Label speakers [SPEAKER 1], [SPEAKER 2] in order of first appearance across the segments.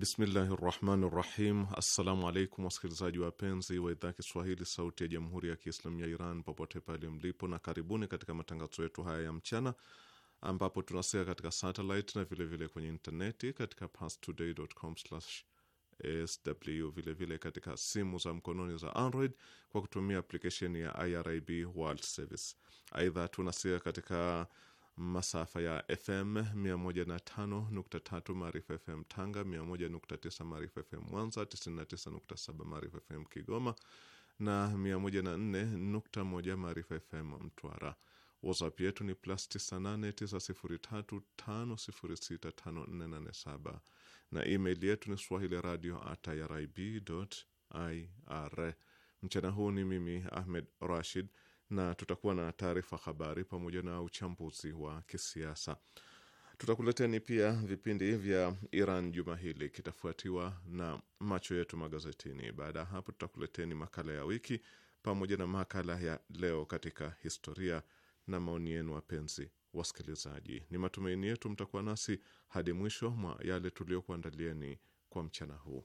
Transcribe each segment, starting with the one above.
[SPEAKER 1] Bismillahi rahmani rahim. Assalamu alaikum wasikilizaji wapenzi wa idhaa Kiswahili sauti ya jamhuri ya Kiislamu ya Iran popote pale mlipo, na karibuni katika matangazo yetu haya ya mchana ambapo tunasika katika satellite na vilevile vile kwenye intaneti katika pastodaycom sw vilevile katika simu za mkononi za Android kwa kutumia aplikesheni ya IRIB World Service. Aidha tunasika katika masafa ya FM 105.3 Maarifa FM Tanga, 101.9 Maarifa FM Mwanza, 99.7 Maarifa FM Kigoma na 104.1 Maarifa FM Mtwara. WhatsApp yetu ni plus 989035065487 na email yetu ni swahili radio at irib.ir. Mchana huu ni mimi Ahmed Rashid na tutakuwa na taarifa habari pamoja na uchambuzi wa kisiasa. Tutakuleteni pia vipindi vya Iran juma hili, kitafuatiwa na macho yetu magazetini. Baada ya hapo, tutakuleteni makala ya wiki pamoja na makala ya leo katika historia na maoni yenu, wapenzi wasikilizaji. Ni matumaini yetu mtakuwa nasi hadi mwisho mwa yale tuliyokuandalieni kwa mchana huu.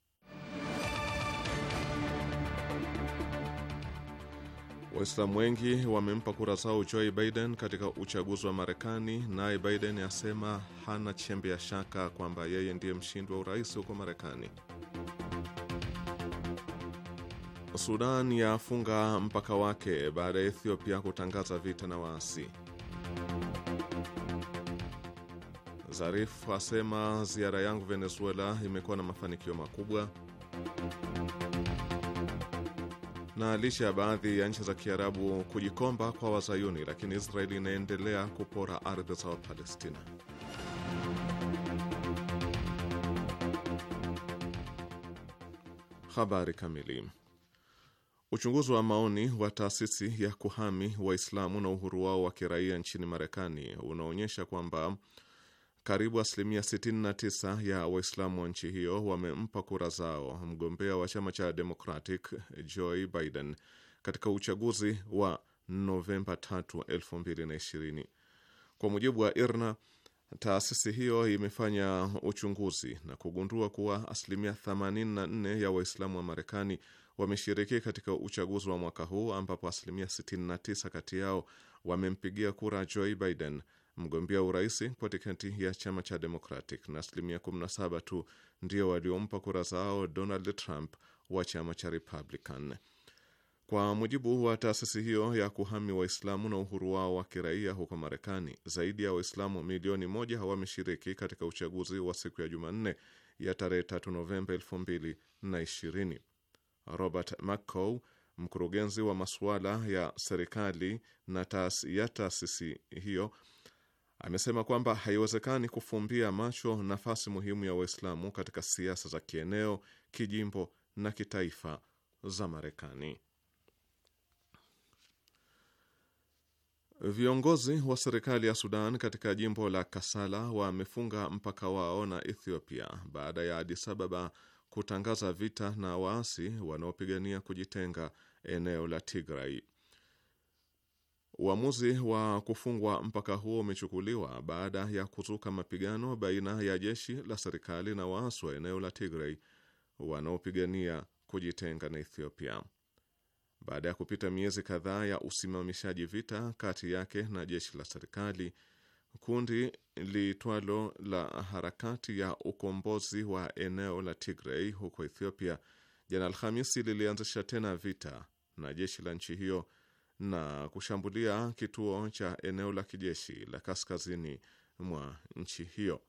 [SPEAKER 1] Waislamu wengi wamempa kura zao Joe Biden katika uchaguzi wa Marekani, naye Biden asema hana chembe ya shaka kwamba yeye ndiye mshindi wa urais huko Marekani. Sudan yafunga mpaka wake baada ya Ethiopia kutangaza vita na waasi. Zarif asema ziara yangu Venezuela imekuwa na mafanikio makubwa. Na licha ya baadhi ya nchi za Kiarabu kujikomba kwa Wazayuni, lakini Israeli inaendelea kupora ardhi za Wapalestina. Habari kamili. Uchunguzi wa maoni wa taasisi ya kuhami Waislamu na uhuru wao wa kiraia nchini Marekani unaonyesha kwamba karibu asilimia 69 ya Waislamu wa nchi hiyo wamempa kura zao mgombea wa chama cha Democratic Joe Biden katika uchaguzi wa Novemba 3, 2020. Kwa mujibu wa IRNA, taasisi hiyo imefanya uchunguzi na kugundua kuwa asilimia 84 ya Waislamu wa Marekani wameshiriki katika uchaguzi wa mwaka huu ambapo asilimia 69 kati yao wamempigia kura Joe Biden mgombea urais kwa tiketi ya chama cha Democratic na asilimia 17 tu ndio waliompa kura zao Donald Trump wa chama cha Republican. Kwa mujibu wa taasisi hiyo ya kuhami Waislamu na uhuru wao wa kiraia huko Marekani, zaidi ya Waislamu milioni moja wameshiriki katika uchaguzi wa siku ya Jumanne ya tarehe 3 Novemba 2020. Robert mccow mkurugenzi wa masuala ya serikali na taas, ya taasisi hiyo amesema kwamba haiwezekani kufumbia macho nafasi muhimu ya Waislamu katika siasa za kieneo, kijimbo na kitaifa za Marekani. Viongozi wa serikali ya Sudan katika jimbo la Kasala wamefunga mpaka wao na Ethiopia baada ya Addis Ababa kutangaza vita na waasi wanaopigania kujitenga eneo la Tigray. Uamuzi wa kufungwa mpaka huo umechukuliwa baada ya kuzuka mapigano baina ya jeshi la serikali na waasi wa eneo la Tigray wanaopigania kujitenga na Ethiopia. Baada ya kupita miezi kadhaa ya usimamishaji vita kati yake na jeshi la serikali, kundi litwalo la harakati ya ukombozi wa eneo la Tigray huko Ethiopia jana Alhamisi lilianzisha tena vita na jeshi la nchi hiyo na kushambulia kituo cha eneo la kijeshi la kaskazini mwa nchi hiyo.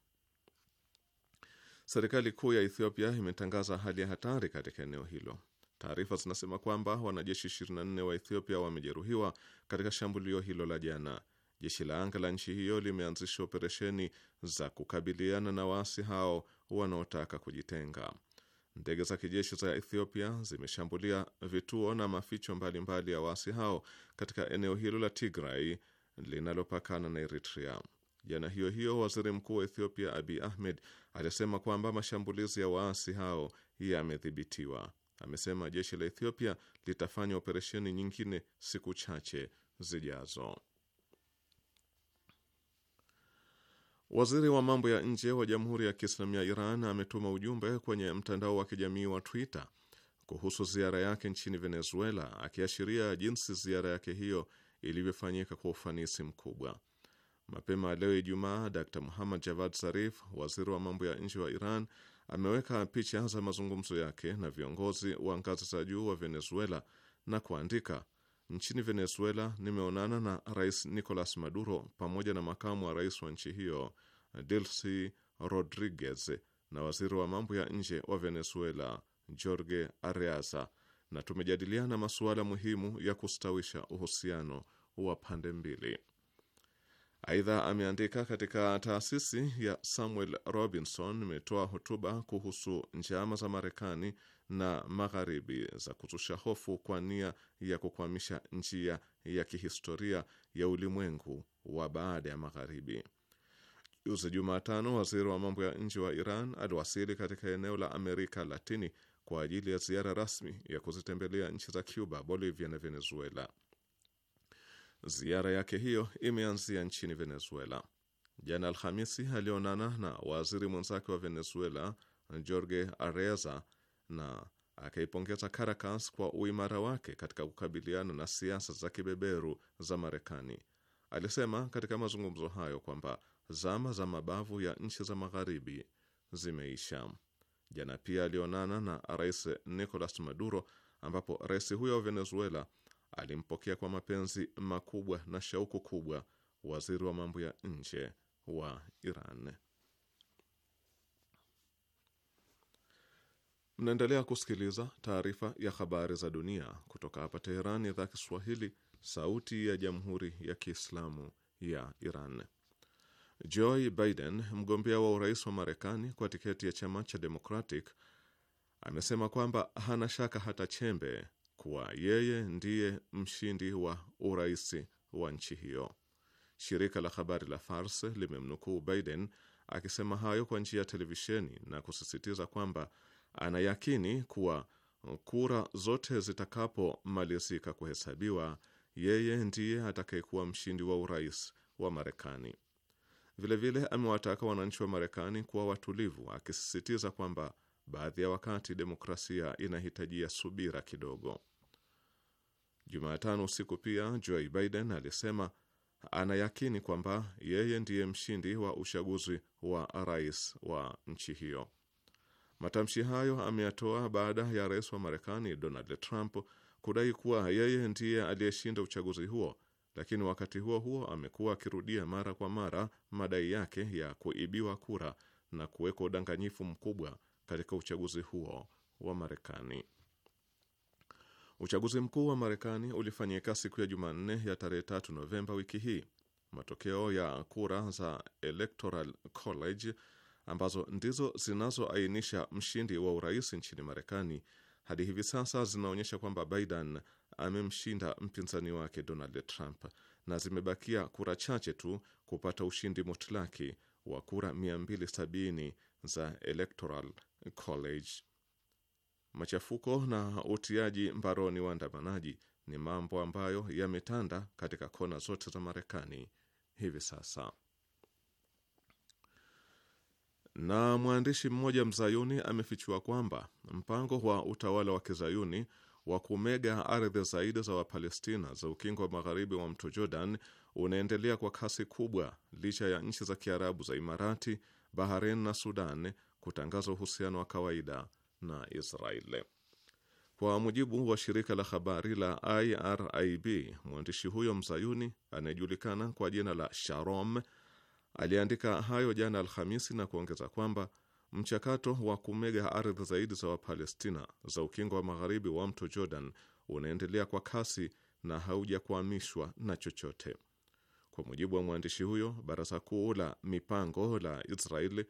[SPEAKER 1] Serikali kuu ya Ethiopia imetangaza hali ya hatari katika eneo hilo. Taarifa zinasema kwamba wanajeshi 24 wa Ethiopia wamejeruhiwa katika shambulio hilo la jana. Jeshi la anga la nchi hiyo limeanzisha operesheni za kukabiliana na waasi hao wanaotaka kujitenga. Ndege za kijeshi za Ethiopia zimeshambulia vituo na maficho mbalimbali mbali ya waasi hao katika eneo hilo la Tigray linalopakana na Eritrea. Jana hiyo hiyo, waziri mkuu wa Ethiopia Abiy Ahmed alisema kwamba mashambulizi ya waasi hao yamedhibitiwa. Amesema jeshi la Ethiopia litafanya operesheni nyingine siku chache zijazo. Waziri wa mambo ya nje wa Jamhuri ya Kiislamu ya Iran ametuma ujumbe kwenye mtandao wa kijamii wa Twitter kuhusu ziara yake nchini Venezuela, akiashiria jinsi ziara yake hiyo ilivyofanyika kwa ufanisi mkubwa. Mapema leo Ijumaa, Dr Muhammad Javad Zarif, waziri wa mambo ya nje wa Iran, ameweka picha za mazungumzo yake na viongozi wa ngazi za juu wa Venezuela na kuandika, nchini Venezuela nimeonana na Rais Nicolas Maduro pamoja na makamu wa rais wa nchi hiyo Delcy Rodriguez na waziri wa mambo ya nje wa Venezuela Jorge Areaza, na tumejadiliana masuala muhimu ya kustawisha uhusiano wa pande mbili. Aidha, ameandika katika taasisi ya Samuel Robinson imetoa hotuba kuhusu njama za Marekani na magharibi za kutusha hofu kwa nia ya kukwamisha njia ya kihistoria ya ulimwengu wa baada ya magharibi. Juzi Jumatano, waziri wa mambo ya nje wa Iran aliwasili katika eneo la Amerika Latini kwa ajili ya ziara rasmi ya kuzitembelea nchi za Cuba, Bolivia na Venezuela. Ziara yake hiyo imeanzia nchini Venezuela. Jana Alhamisi alionana na waziri mwenzake wa Venezuela Jorge Areza na akaipongeza Caracas kwa uimara wake katika kukabiliana na siasa za kibeberu za Marekani. Alisema katika mazungumzo hayo kwamba zama za mabavu ya nchi za magharibi zimeisha. Jana pia alionana na Rais Nicolas Maduro, ambapo rais huyo wa Venezuela alimpokea kwa mapenzi makubwa na shauku kubwa waziri wa mambo ya nje wa Iran. Mnaendelea kusikiliza taarifa ya habari za dunia kutoka hapa Teherani, idhaa Kiswahili, sauti ya jamhuri ya kiislamu ya Iran. Joe Biden, mgombea wa urais wa Marekani kwa tiketi ya chama cha Democratic, amesema kwamba hana shaka hata chembe kuwa yeye ndiye mshindi wa urais wa nchi hiyo. Shirika la habari la Fars limemnukuu Biden akisema hayo kwa njia ya televisheni na kusisitiza kwamba anayakini kuwa kura zote zitakapomalizika kuhesabiwa, yeye ndiye atakayekuwa mshindi wa urais wa Marekani. Vilevile amewataka wananchi wa Marekani kuwa watulivu, akisisitiza kwamba baadhi ya wakati demokrasia inahitajia subira kidogo. Jumatano usiku pia Joe Biden alisema anayakini kwamba yeye ndiye mshindi wa uchaguzi wa rais wa nchi hiyo. Matamshi hayo ameyatoa baada ya rais wa Marekani Donald Trump kudai kuwa yeye ndiye aliyeshinda uchaguzi huo, lakini wakati huo huo amekuwa akirudia mara kwa mara madai yake ya kuibiwa kura na kuwekwa udanganyifu mkubwa katika uchaguzi huo wa Marekani. Uchaguzi mkuu wa Marekani ulifanyika siku ya Jumanne ya tarehe 3 Novemba wiki hii. Matokeo ya kura za Electoral College ambazo ndizo zinazoainisha mshindi wa urais nchini Marekani hadi hivi sasa zinaonyesha kwamba Biden amemshinda mpinzani wake Donald Trump na zimebakia kura chache tu kupata ushindi mutlaki wa kura 270 za Electoral College. Machafuko na utiaji mbaroni waandamanaji ni mambo ambayo yametanda katika kona zote za Marekani hivi sasa. Na mwandishi mmoja mzayuni amefichua kwamba mpango wa utawala wa kizayuni wa kumega ardhi zaidi za Wapalestina za ukingo wa magharibi wa mto Jordan unaendelea kwa kasi kubwa licha ya nchi za Kiarabu za Imarati, Bahrain na Sudan kutangaza uhusiano wa kawaida na Israeli. Kwa mujibu wa shirika la habari la IRIB, mwandishi huyo mzayuni anayejulikana kwa jina la Sharom Aliandika hayo jana Alhamisi na kuongeza kwamba mchakato wa kumega ardhi zaidi za Wapalestina za ukingo wa magharibi wa mto Jordan unaendelea kwa kasi na haujakwamishwa na chochote. Kwa mujibu wa mwandishi huyo, baraza kuu la mipango la Israeli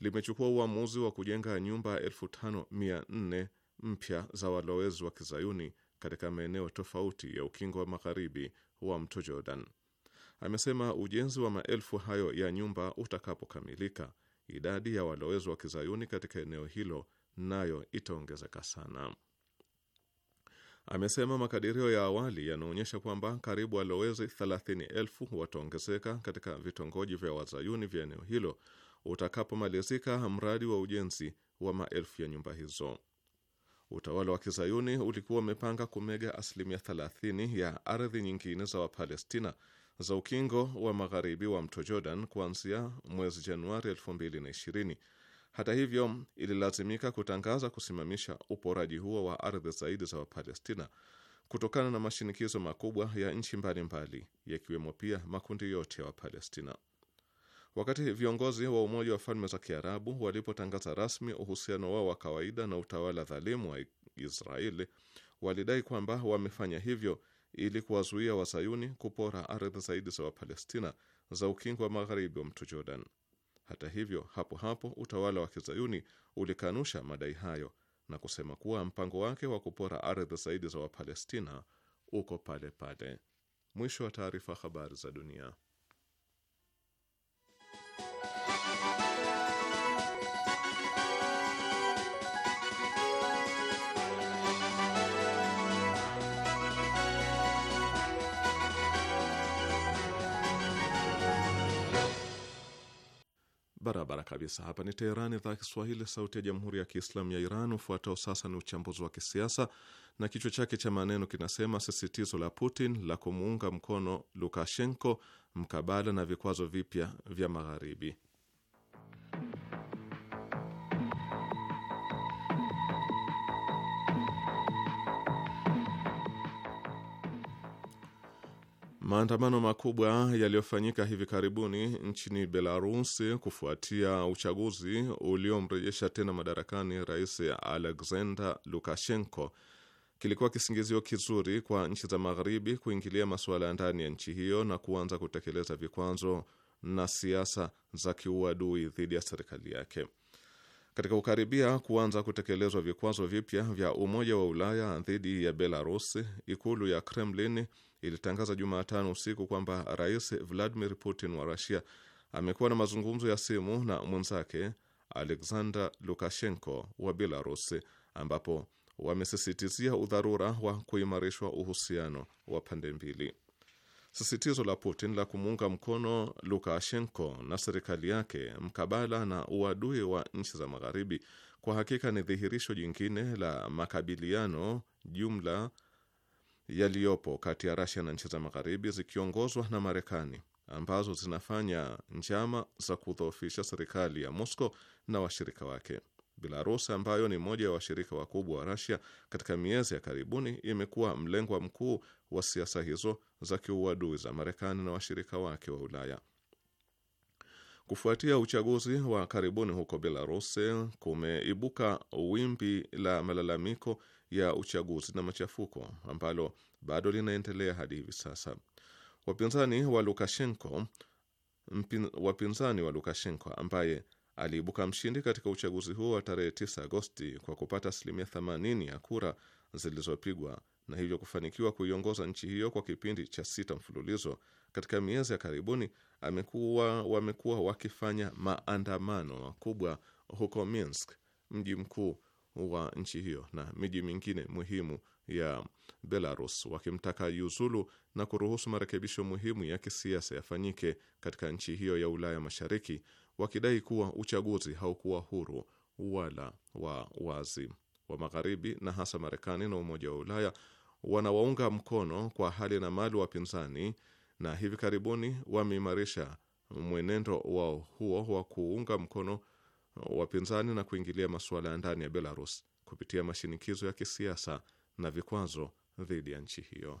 [SPEAKER 1] limechukua uamuzi wa kujenga nyumba 5400 mpya za walowezi wa kizayuni katika maeneo tofauti ya ukingo wa magharibi wa mto Jordan amesema ujenzi wa maelfu hayo ya nyumba utakapokamilika, idadi ya walowezi wa kizayuni katika eneo hilo nayo itaongezeka sana. Amesema makadirio ya awali yanaonyesha kwamba karibu walowezi elfu wataongezeka katika vitongoji vya wazayuni vya eneo hilo utakapomalizika mradi wa ujenzi wa maelfu ya nyumba hizo. Utawala wa kizayuni ulikuwa umepanga kumega asilimia 30 ya ardhi nyingine za Wapalestina za ukingo wa magharibi wa mto Jordan kuanzia mwezi Januari 2020. Hata hivyo, ililazimika kutangaza kusimamisha uporaji huo wa ardhi zaidi za Wapalestina kutokana na mashinikizo makubwa ya nchi mbalimbali, yakiwemo pia makundi yote ya Wapalestina. Wakati viongozi wa Umoja wa Falme za Kiarabu walipotangaza rasmi uhusiano wao wa kawaida na utawala dhalimu wa Israeli, walidai kwamba wamefanya hivyo ili kuwazuia wazayuni kupora ardhi zaidi za Wapalestina za ukingo wa magharibi wa mto Jordan. Hata hivyo, hapo hapo utawala wa kizayuni ulikanusha madai hayo na kusema kuwa mpango wake wa kupora ardhi zaidi za Wapalestina uko pale pale. Mwisho wa taarifa. Habari za dunia. barabara kabisa. Hapa ni Teheran, idhaa ya Kiswahili, sauti ya jamhuri ya kiislamu ya Iran. Ufuatao sasa ni uchambuzi wa kisiasa na kichwa chake cha maneno kinasema: sisitizo la Putin la kumuunga mkono Lukashenko mkabala na vikwazo vipya vya Magharibi. Maandamano makubwa yaliyofanyika hivi karibuni nchini Belarusi kufuatia uchaguzi uliomrejesha tena madarakani Rais Alexander Lukashenko kilikuwa kisingizio kizuri kwa nchi za Magharibi kuingilia masuala ya ndani ya nchi hiyo na kuanza kutekeleza vikwazo na siasa za kiuadui dhidi ya serikali yake. Katika kukaribia kuanza kutekelezwa vikwazo vipya vya Umoja wa Ulaya dhidi ya Belarus, ikulu ya Kremlin ilitangaza Jumatano usiku kwamba Rais Vladimir Putin wa Russia amekuwa na mazungumzo ya simu na mwenzake Alexander Lukashenko wa Belarus, ambapo wamesisitizia udharura wa kuimarishwa uhusiano wa pande mbili. Sisitizo la Putin la kumuunga mkono Lukashenko na serikali yake mkabala na uadui wa nchi za Magharibi kwa hakika ni dhihirisho jingine la makabiliano jumla yaliyopo kati ya Rasia na nchi za Magharibi zikiongozwa na Marekani ambazo zinafanya njama za kudhoofisha serikali ya Moscow na washirika wake. Belarus ambayo ni mmoja ya washirika wakubwa wa Rasia katika miezi ya karibuni imekuwa mlengwa mkuu wa siasa hizo za kiuadui za Marekani na washirika wake wa Ulaya. Kufuatia uchaguzi wa karibuni huko Belarus, kumeibuka wimbi la malalamiko ya uchaguzi na machafuko ambalo bado linaendelea hadi hivi sasa. Wapinzani wa Lukashenko, mpin, wapinzani wa Lukashenko ambaye aliibuka mshindi katika uchaguzi huo wa tarehe 9 Agosti kwa kupata asilimia 80 ya kura zilizopigwa na hivyo kufanikiwa kuiongoza nchi hiyo kwa kipindi cha sita mfululizo. Katika miezi ya karibuni amekuwa wamekuwa wakifanya maandamano makubwa huko Minsk, mji mkuu wa nchi hiyo na miji mingine muhimu ya Belarus, wakimtaka yuzulu na kuruhusu marekebisho muhimu ya kisiasa yafanyike katika nchi hiyo ya Ulaya Mashariki wakidai kuwa uchaguzi haukuwa huru wala wa wazi. Wa Magharibi na hasa Marekani na Umoja wa Ulaya wanawaunga mkono kwa hali na mali wapinzani, na hivi karibuni wameimarisha mwenendo wao huo wa kuunga mkono wapinzani na kuingilia masuala ya ndani ya Belarus kupitia mashinikizo ya kisiasa na vikwazo dhidi ya nchi hiyo.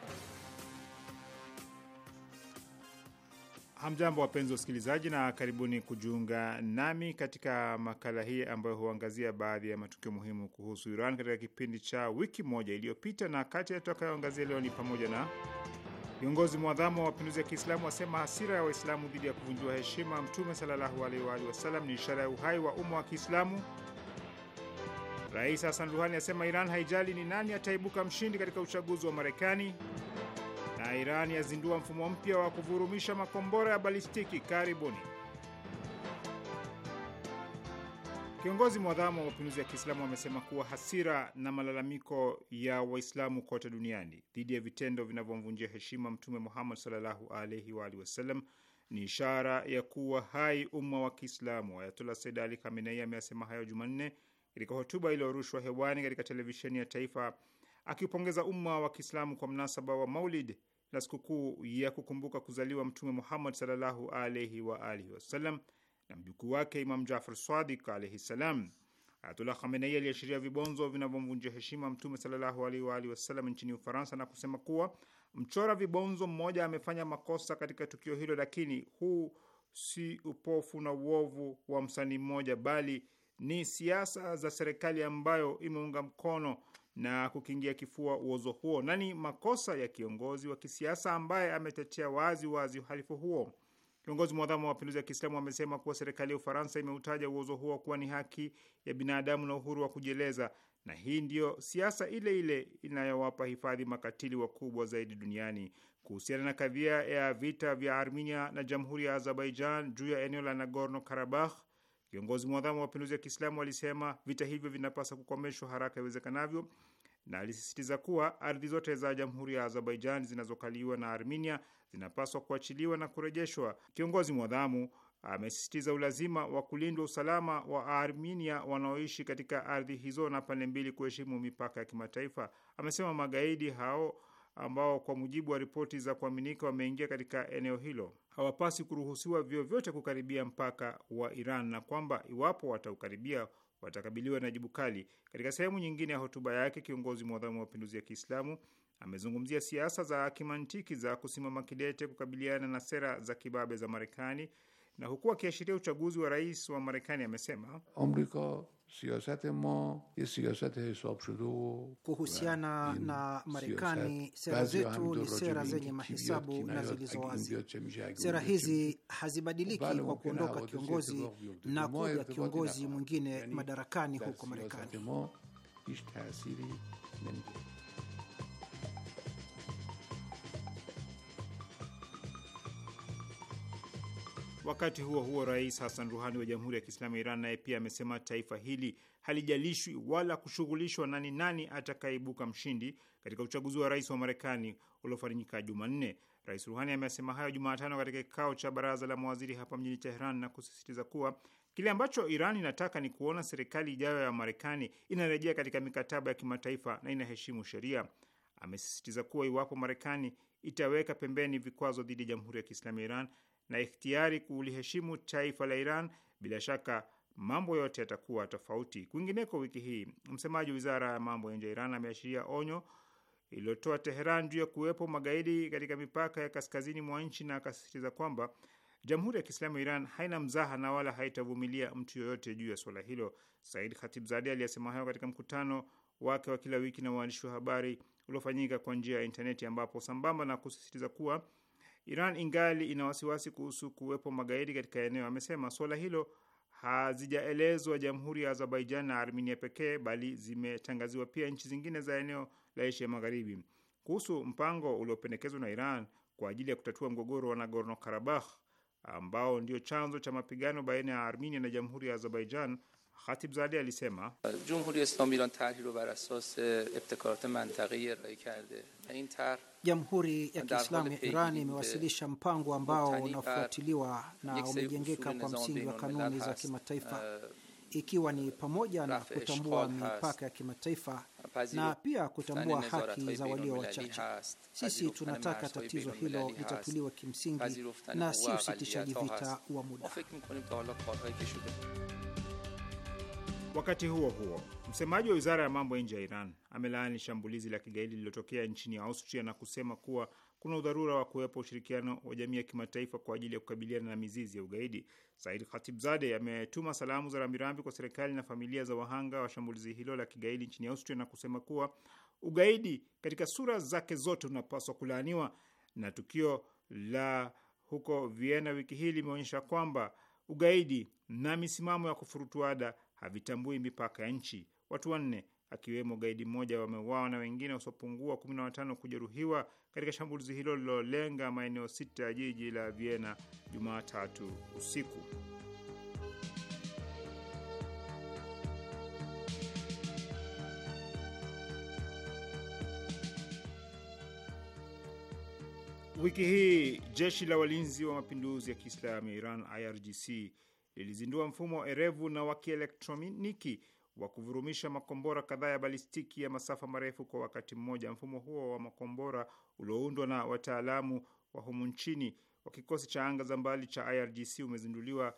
[SPEAKER 2] Hamjambo, wapenzi wa usikilizaji, na karibuni kujiunga nami katika makala hii ambayo huangazia baadhi ya matukio muhimu kuhusu Iran katika kipindi cha wiki moja iliyopita. Na kati ya tutakayoangazia leo ni pamoja na viongozi mwadhamu wa mapinduzi ya Kiislamu wasema hasira ya Waislamu dhidi ya kuvunjiwa heshima Mtume sallallahu alaihi wa alihi wasallam ni ishara ya uhai wa umma wa Kiislamu. Rais Hasan Ruhani asema Iran haijali ni nani ataibuka mshindi katika uchaguzi wa Marekani na Iran yazindua mfumo mpya wa kuvurumisha makombora ya balistiki. Karibuni. Kiongozi mwadhamu wa mapinduzi ya Kiislamu amesema kuwa hasira na malalamiko ya Waislamu kote duniani dhidi ya vitendo vinavyomvunjia heshima Mtume Muhammad sallallahu alaihi wa alihi wasallam ni ishara ya kuwa hai umma wa Kiislamu. Ayatullah Said Ali Khamenei ameyasema hayo Jumanne katika hotuba iliyorushwa hewani katika televisheni ya taifa akiupongeza umma wa Kiislamu kwa mnasaba wa Maulid la sikukuu ya kukumbuka kuzaliwa Mtume Muhammad sallallahu alaihi wa alihi wasallam na mjukuu wake Imam Jafar Sadiq alaihi salam. Ayatullah Khamenei aliashiria vibonzo vinavyomvunjia heshima Mtume sallallahu alaihi wa alihi wasallam nchini Ufaransa na kusema kuwa mchora vibonzo mmoja amefanya makosa katika tukio hilo, lakini huu si upofu na uovu wa msanii mmoja, bali ni siasa za serikali ambayo imeunga mkono na kukingia kifua uozo huo, na ni makosa ya kiongozi wa kisiasa ambaye ametetea wazi wazi uhalifu huo. Kiongozi mwadhamu wa mapinduzi ya Kiislamu amesema kuwa serikali ya Ufaransa imeutaja uozo huo kuwa ni haki ya binadamu na uhuru wa kujieleza, na hii ndiyo siasa ile ile inayowapa hifadhi makatili wakubwa zaidi duniani. Kuhusiana na kadhia ya vita vya Armenia na jamhuri ya Azerbaijan juu ya eneo la Nagorno Karabakh, Kiongozi mwadhamu wa mapinduzi ya Kiislamu alisema vita hivyo vinapaswa kukomeshwa haraka iwezekanavyo, na alisisitiza kuwa ardhi zote za jamhuri ya Azerbaijan zinazokaliwa na Armenia zinapaswa kuachiliwa na kurejeshwa. Kiongozi mwadhamu amesisitiza ulazima wa kulindwa usalama wa Armenia wanaoishi katika ardhi hizo na pande mbili kuheshimu mipaka ya kimataifa. Amesema magaidi hao ambao kwa mujibu wa ripoti za kuaminika wameingia katika eneo hilo hawapasi kuruhusiwa vyovyote kukaribia mpaka wa Iran na kwamba iwapo wataukaribia watakabiliwa na jibu kali. Katika sehemu nyingine ya hotuba yake, kiongozi mwadhamu wa mapinduzi ya Kiislamu amezungumzia siasa za kimantiki za kusimama kidete kukabiliana na sera za kibabe za Marekani, na huku akiashiria uchaguzi wa rais wa Marekani amesema
[SPEAKER 1] Amerika. سیاست ما یه سیاست حساب شده
[SPEAKER 2] kuhusiana na
[SPEAKER 1] Marekani, sera zetu ni sera zenye mahesabu na zilizo wazi. Sera
[SPEAKER 3] hizi hazibadiliki kwa kuondoka kiongozi na kuja kiongozi mwingine madarakani huko Marekani.
[SPEAKER 2] Wakati huo huo, Rais Hasan Ruhani wa Jamhuri ya Kiislamu ya Iran naye pia amesema taifa hili halijalishwi wala kushughulishwa nani nani atakayeibuka mshindi katika uchaguzi wa rais wa Marekani uliofanyika Jumanne. Rais Ruhani amesema hayo Jumatano katika kikao cha baraza la mawaziri hapa mjini Teheran na kusisitiza kuwa kile ambacho Iran inataka ni kuona serikali ijayo ya Marekani inarejea katika mikataba ya kimataifa na inaheshimu sheria. Amesisitiza kuwa iwapo Marekani itaweka pembeni vikwazo dhidi ya Jamhuri ya Kiislamu ya Iran na ikhtiari kuliheshimu taifa la Iran, bila shaka mambo yote yatakuwa tofauti. Kwingineko, wiki hii msemaji wa wizara ya mambo ya nje ya Iran ameashiria onyo iliyotoa Teheran juu ya kuwepo magaidi katika mipaka ya kaskazini mwa nchi na akasisitiza kwamba Jamhuri ya Kiislamu ya Iran haina mzaha na wala haitavumilia mtu yoyote juu ya suala hilo. Said Khatibzadi aliyesema hayo katika mkutano wake wa kila wiki na waandishi wa habari uliofanyika kwa njia ya intaneti, ambapo sambamba na kusisitiza kuwa Iran ingali ina wasiwasi kuhusu kuwepo magaidi katika eneo. Amesema suala hilo hazijaelezwa Jamhuri ya Azerbaijan na Armenia pekee, bali zimetangaziwa pia nchi zingine za eneo la Asia Magharibi. Kuhusu mpango uliopendekezwa na Iran kwa ajili ya kutatua mgogoro wa Nagorno Karabakh ambao ndio chanzo cha mapigano baina ya Armenia na Jamhuri ya Azerbaijan, Khatibzadeh alisema Jumhuri ya Islami Iran tarhi ro bar asas ibtikarat eh, mantaqi iraye eh, karde. In tarh
[SPEAKER 3] Jamhuri ya Kiislamu ya Iran imewasilisha mpango ambao unafuatiliwa na umejengeka kwa msingi wa kanuni za kimataifa, uh, ikiwa ni pamoja na kutambua mipaka ya kimataifa na pia kutambua haki za walio wachache. Sisi tunataka tatizo hilo litatuliwe kimsingi na si usitishaji vita
[SPEAKER 2] wa muda. Wakati huo huo, msemaji wa wizara ya mambo ya nje ya Iran amelaani shambulizi la kigaidi lililotokea nchini Austria na kusema kuwa kuna udharura wa kuwepo ushirikiano wa jamii ya kimataifa kwa ajili ya kukabiliana na mizizi ya ugaidi. Said Khatibzade ametuma salamu za rambirambi kwa serikali na familia za wahanga wa shambulizi hilo la kigaidi nchini Austria na kusema kuwa ugaidi katika sura zake zote unapaswa kulaaniwa, na tukio la huko Vienna wiki hii limeonyesha kwamba ugaidi na misimamo ya kufurutuada havitambui mipaka ya nchi. Watu wanne akiwemo gaidi mmoja wameuawa na wengine wasiopungua kumi na watano kujeruhiwa katika shambulizi hilo lililolenga maeneo sita ya jiji la Vienna Jumatatu usiku. Wiki hii jeshi la walinzi wa mapinduzi ya Kiislamu ya Iran IRGC lilizindua mfumo erevu na wa kielektroniki wa kuvurumisha makombora kadhaa ya balistiki ya masafa marefu kwa wakati mmoja. Mfumo huo wa makombora ulioundwa na wataalamu wa humu nchini wa kikosi cha anga za mbali cha IRGC umezinduliwa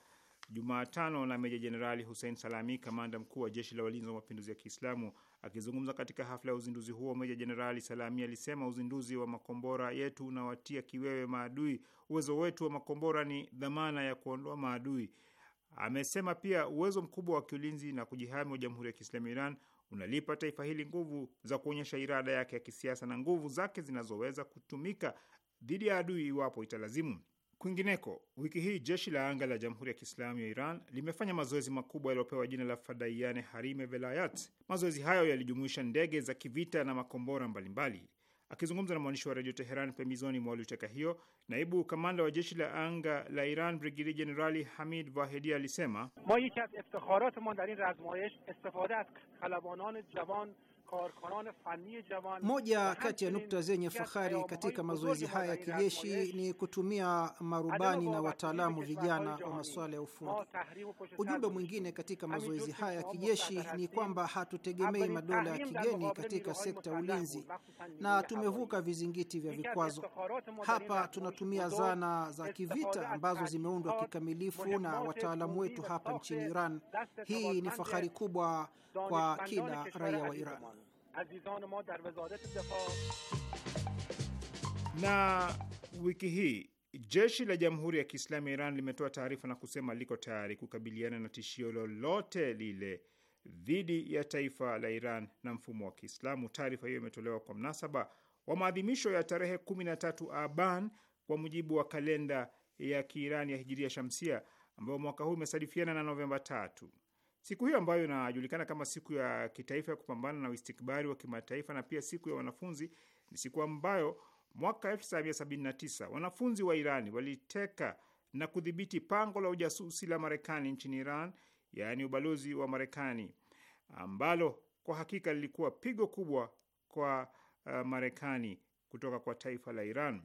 [SPEAKER 2] Jumatano na Meja Jenerali Hussein Salami, kamanda mkuu wa jeshi la walinzi wa mapinduzi ya Kiislamu. Akizungumza katika hafla ya uzinduzi huo, Meja Jenerali Salami alisema uzinduzi wa makombora yetu unawatia kiwewe maadui. Uwezo wetu wa makombora ni dhamana ya kuondoa maadui. Amesema pia uwezo mkubwa wa kiulinzi na kujihami wa Jamhuri ya Kiislamu ya Iran unalipa taifa hili nguvu za kuonyesha irada yake ya kisiasa na nguvu zake zinazoweza kutumika dhidi ya adui iwapo italazimu. Kwingineko, wiki hii jeshi la anga la Jamhuri ya Kiislamu ya Iran limefanya mazoezi makubwa yaliyopewa jina la Fadaiane Harime Velayat. Mazoezi hayo yalijumuisha ndege za kivita na makombora mbalimbali. Akizungumza na mwandishi wa redio Teheran pembezoni mwa luteka hiyo, naibu kamanda wa jeshi la anga la Iran Brigidi Jenerali Hamid Vahedi alisema ma yeki az iftiharateman dar in razmayish istifade az
[SPEAKER 3] kalabanan javan moja kati ya nukta zenye fahari katika mazoezi haya ya kijeshi ni kutumia marubani na wataalamu vijana wa masuala ya ufundi. Ujumbe mwingine katika mazoezi haya ya kijeshi ni kwamba hatutegemei madola ya kigeni katika sekta ya ulinzi na tumevuka vizingiti vya vikwazo. Hapa tunatumia zana za kivita ambazo zimeundwa kikamilifu na wataalamu wetu hapa nchini Iran. Hii ni fahari kubwa kwa kila raia wa Iran. عزیزان ما در وزارت دفاع
[SPEAKER 2] na wiki hii jeshi la Jamhuri ya Kiislamu ya Iran limetoa taarifa na kusema liko tayari kukabiliana na tishio lolote lile dhidi ya taifa la Iran na mfumo wa Kiislamu. Taarifa hiyo imetolewa kwa mnasaba wa maadhimisho ya tarehe 13 Aban kwa mujibu wa kalenda ya Kiirani ya Hijiria Shamsia, ambayo mwaka huu imesadifiana na Novemba tatu. Siku hiyo ambayo inajulikana kama siku ya kitaifa ya kupambana na uistikbari wa kimataifa na pia siku ya wanafunzi, ni siku ambayo mwaka 1979 wanafunzi wa Irani waliteka na kudhibiti pango la ujasusi la Marekani nchini Iran, yaani ubalozi wa Marekani, ambalo kwa hakika lilikuwa pigo kubwa kwa uh, Marekani kutoka kwa taifa la Iran.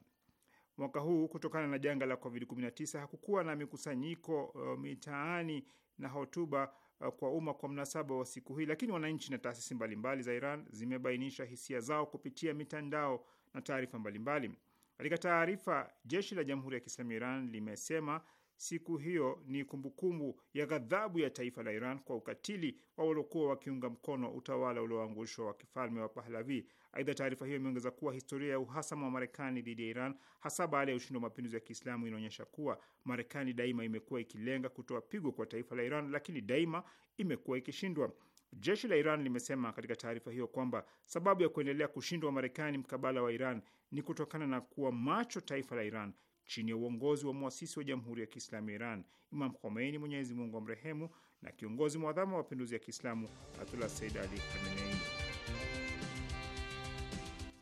[SPEAKER 2] Mwaka huu kutokana na janga la COVID-19 hakukuwa na mikusanyiko uh, mitaani na hotuba Uh, kwa umma kwa mnasaba wa siku hii, lakini wananchi na taasisi mbalimbali za Iran zimebainisha hisia zao kupitia mitandao na taarifa mbalimbali. Katika taarifa, jeshi la Jamhuri ya Kiislamu Iran limesema siku hiyo ni kumbukumbu ya ghadhabu ya taifa la Iran kwa ukatili wa waliokuwa wakiunga mkono utawala ulioangushwa wa kifalme wa Pahlavi. Aidha, taarifa hiyo imeongeza kuwa historia ya uhasama wa Marekani dhidi ya Iran, hasa baada ya ushindi wa mapinduzi ya Kiislamu, inaonyesha kuwa Marekani daima imekuwa ikilenga kutoa pigo kwa taifa la Iran, lakini daima imekuwa ikishindwa. Jeshi la Iran limesema katika taarifa hiyo kwamba sababu ya kuendelea kushindwa Marekani mkabala wa Iran ni kutokana na kuwa macho taifa la Iran chini ya uongozi wa mwasisi wa Jamhuri ya Kiislamu ya Iran, Imam Khomeini, Mwenyezi Mungu wa mrehemu, na kiongozi mwadhama wa mapinduzi ya Kiislamu Ayatullah Sayyid Ali Khamenei.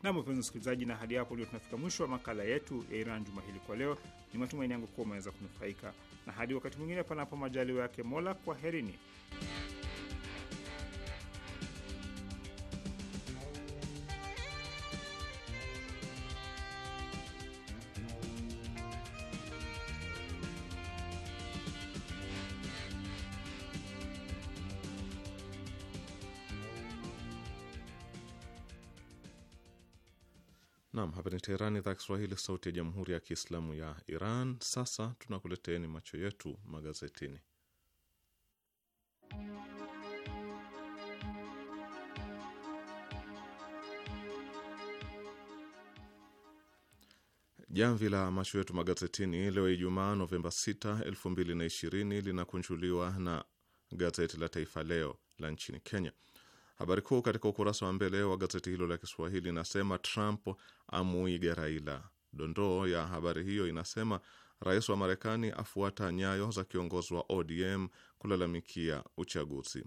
[SPEAKER 2] Nam, wapenzi msikilizaji, na hadi hapo ndio tunafika mwisho wa makala yetu ya Iran juma hili kwa leo. Ni matumaini yangu kuwa umeweza kunufaika, na hadi wakati mwingine, panapo majaliwa yake Mola, kwaherini.
[SPEAKER 1] Teherani, idhaa Kiswahili, sauti ya jamhuri ya kiislamu ya Iran. Sasa tunakuleteeni macho yetu magazetini. Jamvi la macho yetu magazetini leo Ijumaa, Novemba 6, 2020 linakunjuliwa na gazeti la Taifa Leo la nchini Kenya. Habari kuu katika ukurasa wa mbele wa gazeti hilo la Kiswahili inasema Trump amuige Raila. Dondoo ya habari hiyo inasema rais wa Marekani afuata nyayo za kiongozi wa ODM kulalamikia uchaguzi.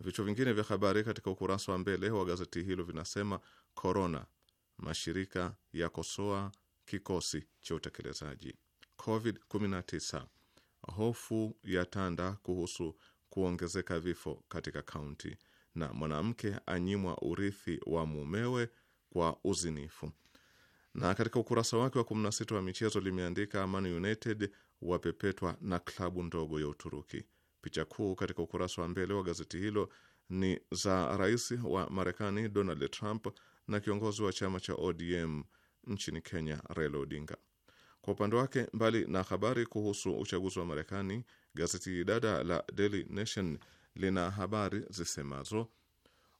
[SPEAKER 1] Vichwa vingine vya habari katika ukurasa wa mbele wa gazeti hilo vinasema Corona, mashirika yakosoa kikosi cha utekelezaji. Covid-19, hofu ya tanda kuhusu kuongezeka vifo katika kaunti na mwanamke anyimwa urithi wa mumewe kwa uzinifu. Na katika ukurasa wake wa 16 wa michezo limeandika Man United wapepetwa na klabu ndogo ya Uturuki. Picha kuu katika ukurasa wa mbele wa gazeti hilo ni za rais wa Marekani Donald Trump na kiongozi wa chama cha ODM nchini Kenya Raila Odinga. Kwa upande wake, mbali na habari kuhusu uchaguzi wa Marekani, gazeti dada la Daily Nation lina habari zisemazo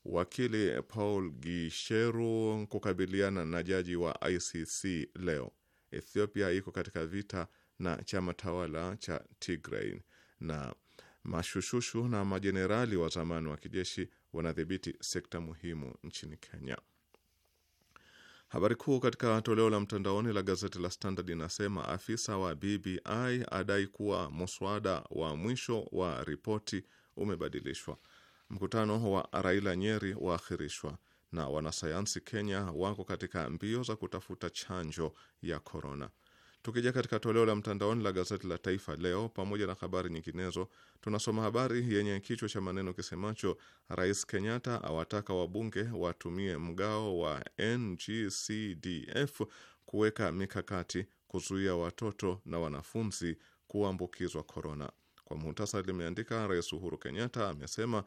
[SPEAKER 1] wakili Paul Gisheru kukabiliana na jaji wa ICC leo. Ethiopia iko katika vita na chama tawala cha Tigray na mashushushu na majenerali wa zamani wa kijeshi wanadhibiti sekta muhimu nchini Kenya. Habari kuu katika toleo la mtandaoni la gazeti la Standard inasema afisa wa BBI adai kuwa muswada wa mwisho wa ripoti umebadilishwa. Mkutano wa Raila Nyeri waakhirishwa, na wanasayansi Kenya wako katika mbio za kutafuta chanjo ya korona. Tukija katika toleo la mtandaoni la gazeti la Taifa Leo, pamoja na habari nyinginezo, tunasoma habari yenye kichwa cha maneno kisemacho Rais Kenyatta awataka wabunge watumie mgao wa NGCDF kuweka mikakati kuzuia watoto na wanafunzi kuambukizwa korona. Kwa muhtasari, limeandika Rais Uhuru Kenyatta amesema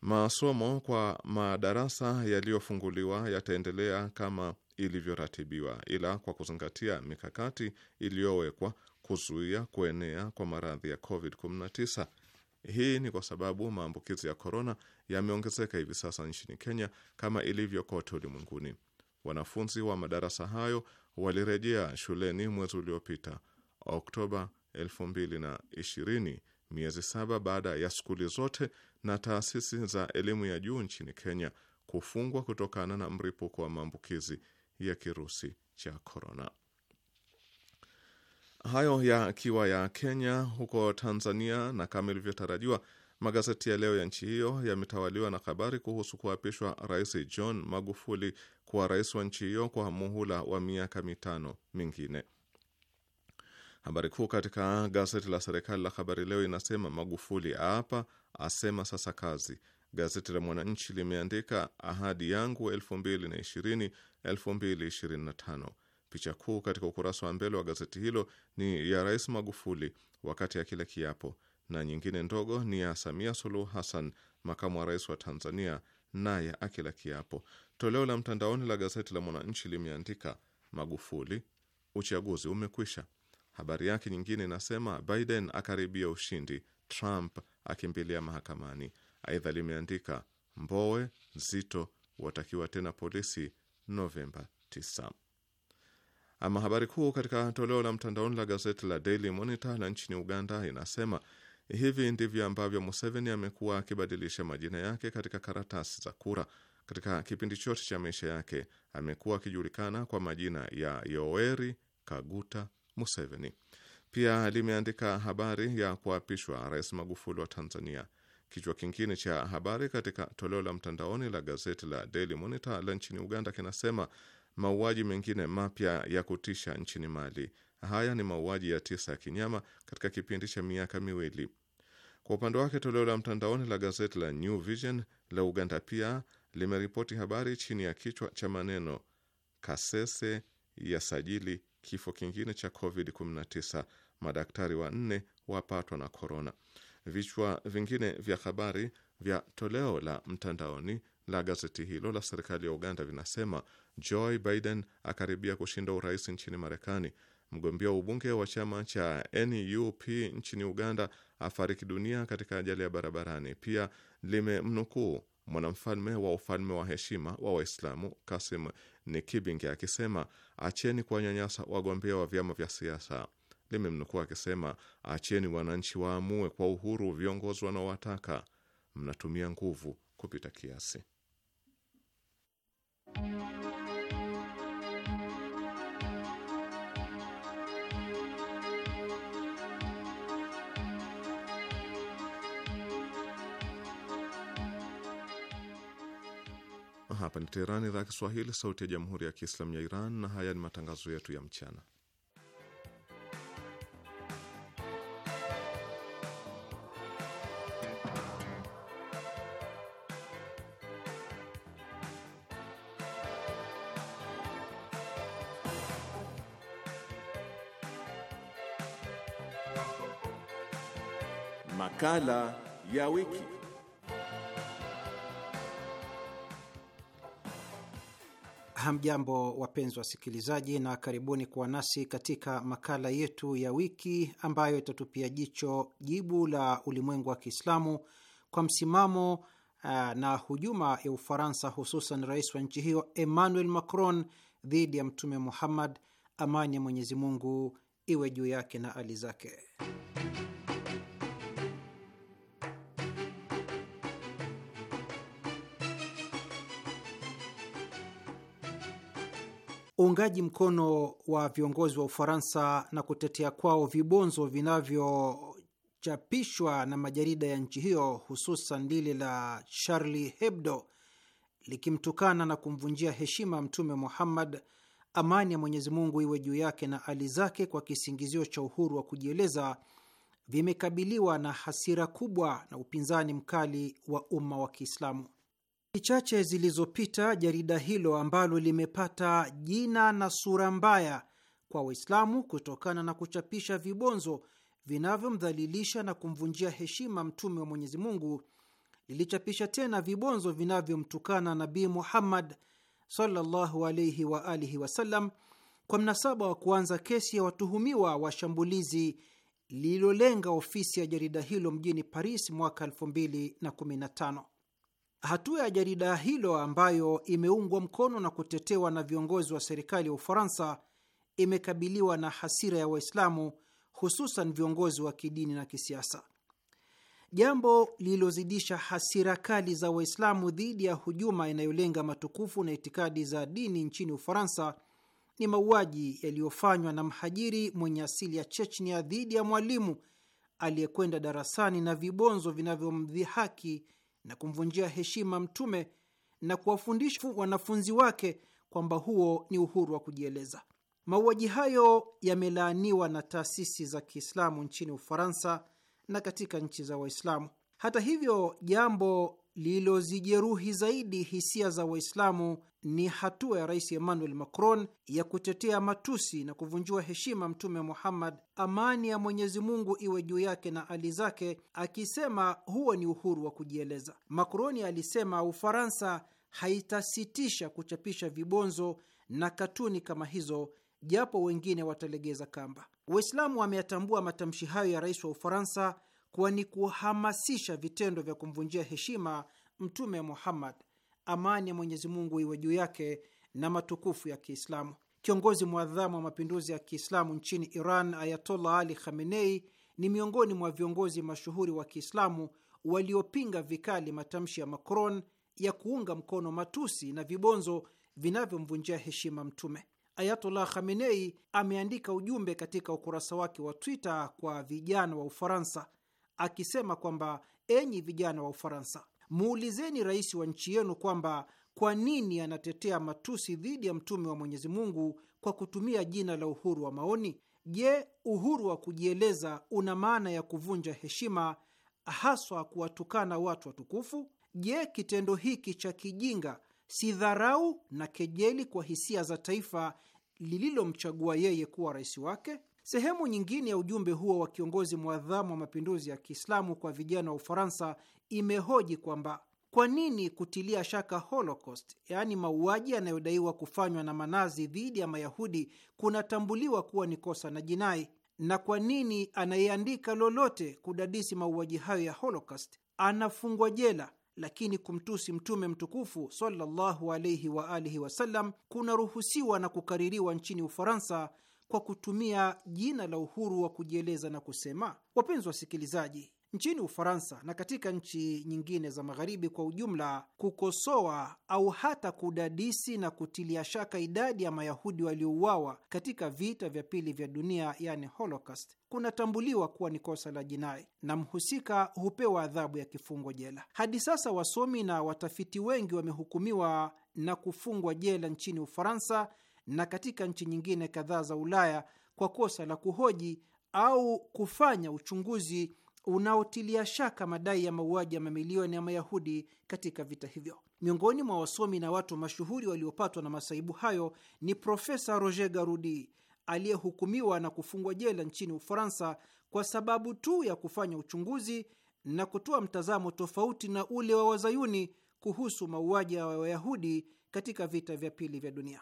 [SPEAKER 1] masomo kwa madarasa yaliyofunguliwa yataendelea kama ilivyoratibiwa, ila kwa kuzingatia mikakati iliyowekwa kuzuia kuenea kwa maradhi ya COVID-19. Hii ni kwa sababu maambukizi ya korona yameongezeka hivi sasa nchini Kenya kama ilivyo kote ulimwenguni. Wanafunzi wa madarasa hayo walirejea shuleni mwezi uliopita Oktoba 2020, miezi saba baada ya skuli zote na taasisi za elimu ya juu nchini Kenya kufungwa kutokana na mripuko wa maambukizi ya kirusi cha korona. Hayo yakiwa ya Kenya. Huko Tanzania, na kama ilivyotarajiwa, magazeti ya leo ya nchi hiyo yametawaliwa na habari kuhusu kuapishwa Rais John Magufuli kuwa rais wa nchi hiyo kwa muhula wa miaka mitano mingine. Habari kuu katika gazeti la serikali la Habari Leo inasema Magufuli aapa, asema sasa kazi. Gazeti la Mwananchi limeandika ahadi yangu 2020 2025. Picha kuu katika ukurasa wa mbele wa gazeti hilo ni ya Rais Magufuli wakati ya kile kiapo na nyingine ndogo ni ya Samia Suluhu Hassan, makamu wa rais wa Tanzania, naye akila kiapo. Toleo la mtandaoni la gazeti la Mwananchi limeandika Magufuli, uchaguzi umekwisha. Habari yake nyingine inasema Biden akaribia ushindi, Trump akimbilia mahakamani. Aidha limeandika Mbowe Zito watakiwa tena polisi Novemba 9. Ama habari kuu katika toleo la mtandaoni la gazeti la Daily Monitor la nchini Uganda inasema hivi ndivyo ambavyo Museveni amekuwa akibadilisha majina yake katika karatasi za kura. Katika kipindi chote cha maisha yake amekuwa akijulikana kwa majina ya Yoweri Kaguta Museveni. Pia limeandika habari ya kuapishwa Rais Magufuli wa Tanzania. Kichwa kingine cha habari katika toleo la mtandaoni la gazeti la Daily Monitor la nchini Uganda kinasema mauaji mengine mapya ya kutisha nchini Mali. Haya ni mauaji ya tisa ya kinyama katika kipindi cha miaka miwili. Kwa upande wake, toleo la mtandaoni la gazeti la New Vision la Uganda pia limeripoti habari chini ya kichwa cha maneno Kasese ya sajili kifo kingine cha COVID-19, madaktari wanne wapatwa na korona. Vichwa vingine vya habari vya toleo la mtandaoni la gazeti hilo la serikali ya Uganda vinasema Joe Biden akaribia kushinda urais nchini Marekani. Mgombea wa ubunge wa chama cha NUP nchini Uganda afariki dunia katika ajali ya barabarani. Pia limemnukuu mwanamfalme wa ufalme wa heshima wa Waislamu Kasim ni Kibinge akisema acheni kuwanyanyasa wagombea wa vyama vya siasa. Limemnukuu akisema acheni wananchi waamue kwa uhuru viongozi wanaowataka, mnatumia nguvu kupita kiasi. Hapa ni Teherani, idhaa ya Kiswahili, sauti ya jamhuri ya kiislamu ya Iran, na haya ni matangazo yetu ya mchana. Makala ya wiki.
[SPEAKER 3] Hamjambo, wapenzi wasikilizaji, na karibuni kuwa nasi katika makala yetu ya wiki ambayo itatupia jicho jibu la ulimwengu wa Kiislamu kwa msimamo uh, na hujuma ya Ufaransa, hususan rais wa nchi hiyo Emmanuel Macron dhidi ya Mtume Muhammad, amani ya Mwenyezi Mungu iwe juu yake na ali zake. uungaji mkono wa viongozi wa Ufaransa na kutetea kwao vibonzo vinavyochapishwa na majarida ya nchi hiyo, hususan lile la Charlie Hebdo likimtukana na kumvunjia heshima Mtume Muhammad, amani ya Mwenyezi Mungu iwe juu yake na ali zake, kwa kisingizio cha uhuru wa kujieleza, vimekabiliwa na hasira kubwa na upinzani mkali wa umma wa Kiislamu. Wiki chache zilizopita jarida hilo ambalo limepata jina na sura mbaya kwa Waislamu kutokana na kuchapisha vibonzo vinavyomdhalilisha na kumvunjia heshima Mtume wa Mwenyezi Mungu lilichapisha tena vibonzo vinavyomtukana Nabii Muhammad sallallahu wa alihi wasallam kwa mnasaba wa kuanza kesi ya watuhumiwa wa shambulizi lililolenga ofisi ya jarida hilo mjini Paris mwaka 2015. Hatua ya jarida hilo ambayo imeungwa mkono na kutetewa na viongozi wa serikali ya Ufaransa imekabiliwa na hasira ya Waislamu, hususan viongozi wa kidini na kisiasa, jambo lililozidisha hasira kali za Waislamu dhidi ya hujuma inayolenga matukufu na itikadi za dini nchini Ufaransa. Ni mauaji yaliyofanywa na mhajiri mwenye asili ya Chechnia dhidi ya mwalimu aliyekwenda darasani na vibonzo vinavyomdhihaki na kumvunjia heshima Mtume na kuwafundisha wanafunzi wake kwamba huo ni uhuru wa kujieleza. Mauaji hayo yamelaaniwa na taasisi za Kiislamu nchini Ufaransa na katika nchi za Waislamu. Hata hivyo, jambo lililozijeruhi zaidi hisia za Waislamu ni hatua ya Rais Emmanuel Macron ya kutetea matusi na kuvunjia heshima Mtume Muhammad, amani ya Mwenyezi Mungu iwe juu yake na ali zake, akisema huo ni uhuru wa kujieleza. Macron alisema Ufaransa haitasitisha kuchapisha vibonzo na katuni kama hizo japo wengine watalegeza kamba. Waislamu wameyatambua matamshi hayo ya rais wa Ufaransa kuwa ni kuhamasisha vitendo vya kumvunjia heshima Mtume Muhammad, amani ya Mwenyezi Mungu iwe juu yake na matukufu ya Kiislamu. Kiongozi mwadhamu wa mapinduzi ya Kiislamu nchini Iran, Ayatollah Ali Khamenei, ni miongoni mwa viongozi mashuhuri wa Kiislamu waliopinga vikali matamshi ya Macron ya kuunga mkono matusi na vibonzo vinavyomvunjia heshima Mtume. Ayatollah Khamenei ameandika ujumbe katika ukurasa wake wa Twitter kwa vijana wa Ufaransa akisema kwamba enyi vijana wa Ufaransa, muulizeni rais wa nchi yenu kwamba kwa nini anatetea matusi dhidi ya mtume wa Mwenyezi Mungu kwa kutumia jina la uhuru wa maoni? Je, uhuru wa kujieleza una maana ya kuvunja heshima, haswa kuwatukana watu watukufu? Je, kitendo hiki cha kijinga si dharau na kejeli kwa hisia za taifa lililomchagua yeye kuwa rais wake? Sehemu nyingine ya ujumbe huo wa kiongozi mwadhamu wa mapinduzi ya Kiislamu kwa vijana wa Ufaransa imehoji kwamba kwa nini kutilia shaka Holocaust, yaani mauaji yanayodaiwa kufanywa na manazi dhidi ya Mayahudi kunatambuliwa kuwa ni kosa na jinai, na kwa nini anayeandika lolote kudadisi mauaji hayo ya Holocaust anafungwa jela, lakini kumtusi Mtume mtukufu sallallahu alaihi waalihi wasallam kunaruhusiwa na kukaririwa nchini Ufaransa kwa kutumia jina la uhuru wa kujieleza na kusema. Wapenzi wasikilizaji, nchini Ufaransa na katika nchi nyingine za Magharibi kwa ujumla, kukosoa au hata kudadisi na kutilia shaka idadi ya Mayahudi waliouawa katika vita vya pili vya dunia, yani Holocaust, kunatambuliwa kuwa ni kosa la jinai na mhusika hupewa adhabu ya kifungo jela. Hadi sasa wasomi na watafiti wengi wamehukumiwa na kufungwa jela nchini Ufaransa na katika nchi nyingine kadhaa za Ulaya kwa kosa la kuhoji au kufanya uchunguzi unaotilia shaka madai ya mauaji ya mamilioni ya Mayahudi katika vita hivyo. Miongoni mwa wasomi na watu mashuhuri waliopatwa na masaibu hayo ni Profesa Roger Garudi aliyehukumiwa na kufungwa jela nchini Ufaransa kwa sababu tu ya kufanya uchunguzi na kutoa mtazamo tofauti na ule wa Wazayuni kuhusu mauaji ya Wayahudi katika vita vya pili vya dunia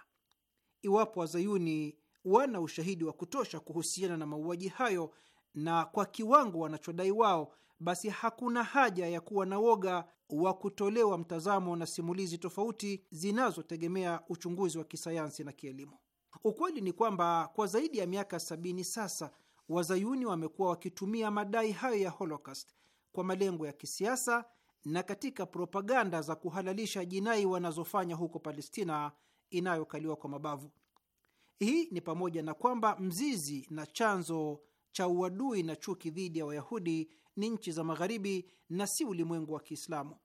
[SPEAKER 3] iwapo wazayuni wana ushahidi wa kutosha kuhusiana na mauaji hayo na kwa kiwango wanachodai wao, basi hakuna haja ya kuwa na woga wa kutolewa mtazamo na simulizi tofauti zinazotegemea uchunguzi wa kisayansi na kielimu. Ukweli ni kwamba kwa zaidi ya miaka sabini sasa wazayuni wamekuwa wakitumia madai hayo ya Holocaust kwa malengo ya kisiasa na katika propaganda za kuhalalisha jinai wanazofanya huko Palestina inayokaliwa kwa mabavu. Hii ni pamoja na kwamba mzizi na chanzo cha uadui na chuki dhidi ya Wayahudi ni nchi za Magharibi na si ulimwengu wa Kiislamu.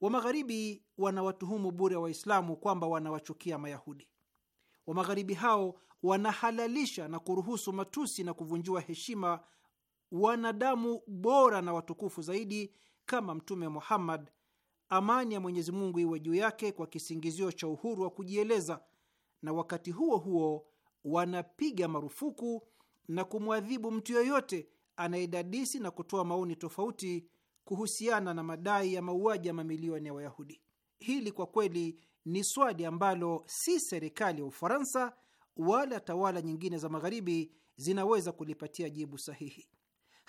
[SPEAKER 3] Wa Magharibi wanawatuhumu bure Waislamu kwamba wanawachukia Mayahudi. Wa Magharibi hao wanahalalisha na kuruhusu matusi na kuvunjiwa heshima wanadamu bora na watukufu zaidi kama Mtume Muhammad amani ya Mwenyezi Mungu iwe juu yake kwa kisingizio cha uhuru wa kujieleza, na wakati huo huo wanapiga marufuku na kumwadhibu mtu yoyote anayedadisi na kutoa maoni tofauti kuhusiana na madai ya mauaji ya mamilioni ya Wayahudi. Hili kwa kweli ni swali ambalo si serikali ya Ufaransa wala tawala nyingine za Magharibi zinaweza kulipatia jibu sahihi.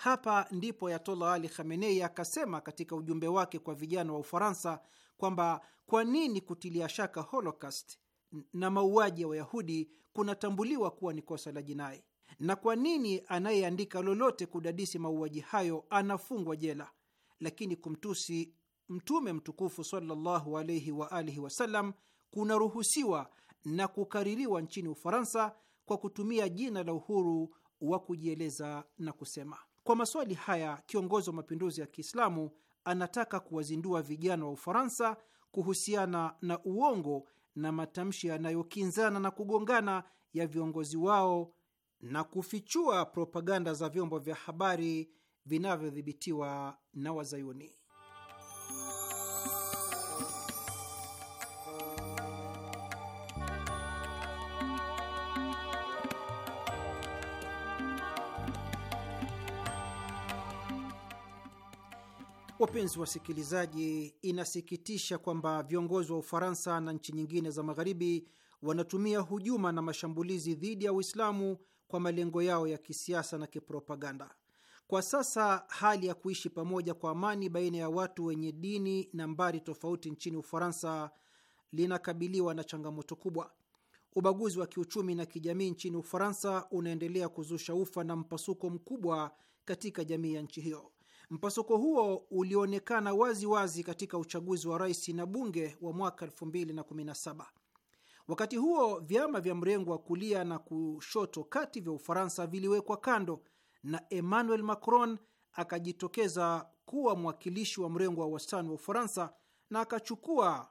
[SPEAKER 3] Hapa ndipo Ayatollah Ali Khamenei akasema katika ujumbe wake kwa vijana wa Ufaransa kwamba kwa nini kutilia shaka Holocaust na mauaji ya Wayahudi kunatambuliwa kuwa ni kosa la jinai, na kwa nini anayeandika lolote kudadisi mauaji hayo anafungwa jela, lakini kumtusi Mtume mtukufu sallallahu alaihi wa alihi wasallam kunaruhusiwa na kukaririwa nchini Ufaransa kwa kutumia jina la uhuru wa kujieleza na kusema. Kwa maswali haya, kiongozi wa mapinduzi ya Kiislamu anataka kuwazindua vijana wa Ufaransa kuhusiana na uongo na matamshi yanayokinzana na kugongana ya viongozi wao na kufichua propaganda za vyombo vya habari vinavyodhibitiwa na Wazayuni. Wapenzi wasikilizaji, inasikitisha kwamba viongozi wa Ufaransa na nchi nyingine za Magharibi wanatumia hujuma na mashambulizi dhidi ya Uislamu kwa malengo yao ya kisiasa na kipropaganda. Kwa sasa hali ya kuishi pamoja kwa amani baina ya watu wenye dini na mbari tofauti nchini Ufaransa linakabiliwa na changamoto kubwa. Ubaguzi wa kiuchumi na kijamii nchini Ufaransa unaendelea kuzusha ufa na mpasuko mkubwa katika jamii ya nchi hiyo. Mpasuko huo ulionekana wazi wazi katika uchaguzi wa rais na bunge wa mwaka 2017. Wakati huo vyama vya mrengo wa kulia na kushoto kati vya Ufaransa viliwekwa kando na Emmanuel Macron akajitokeza kuwa mwakilishi wa mrengo wa wastani wa Ufaransa na akachukua